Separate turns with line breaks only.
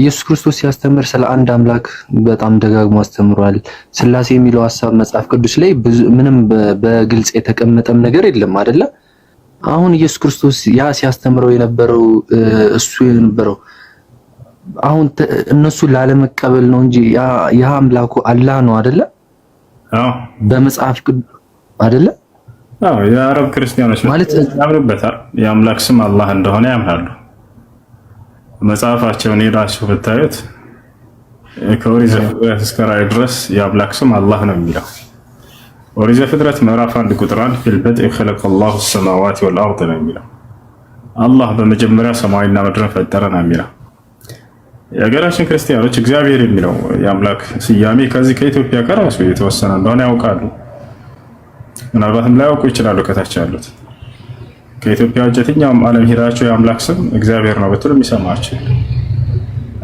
ኢየሱስ ክርስቶስ ሲያስተምር ስለ አንድ አምላክ በጣም ደጋግሞ አስተምሯል። ስላሴ የሚለው ሀሳብ መጽሐፍ ቅዱስ ላይ ምንም በግልጽ የተቀመጠም ነገር የለም አይደለ? አሁን ኢየሱስ ክርስቶስ ያ ሲያስተምረው የነበረው እሱ የነበረው አሁን እነሱ ላለመቀበል ነው እንጂ ያ አምላኩ አላህ ነው አይደለ? አዎ በመጽሐፍ ቅዱስ አይደለ?
አዎ የአረብ ክርስቲያኖች ማለት ያምኑበታል። የአምላክ ስም አላህ እንደሆነ ያምናሉ። መጽሐፋቸውን ሄዳችሁ ብታዩት ከኦሪት ዘፍጥረት እስከ ድረስ የአምላክ ስም አላህ ነው የሚለው። ኦሪት ዘፍጥረት ምዕራፍ አንድ ቁጥር አንድ ፊል በድኢ ላሁ ሰማዋት ወልአርድ ነው የሚለው። አላህ በመጀመሪያ ሰማይና ምድርን ፈጠረ ነው የሚለው። የሀገራችን ክርስቲያኖች እግዚአብሔር የሚለው የአምላክ ስያሜ ከዚህ ከኢትዮጵያ ከራሱ የተወሰነ እንደሆነ ያውቃሉ። ምናልባትም ላያውቁ ይችላሉ ከታች ያሉት ከኢትዮጵያ ውጭ የትኛውም ዓለም የአምላክ ስም እግዚአብሔር ነው ብትሉ የሚሰማቸው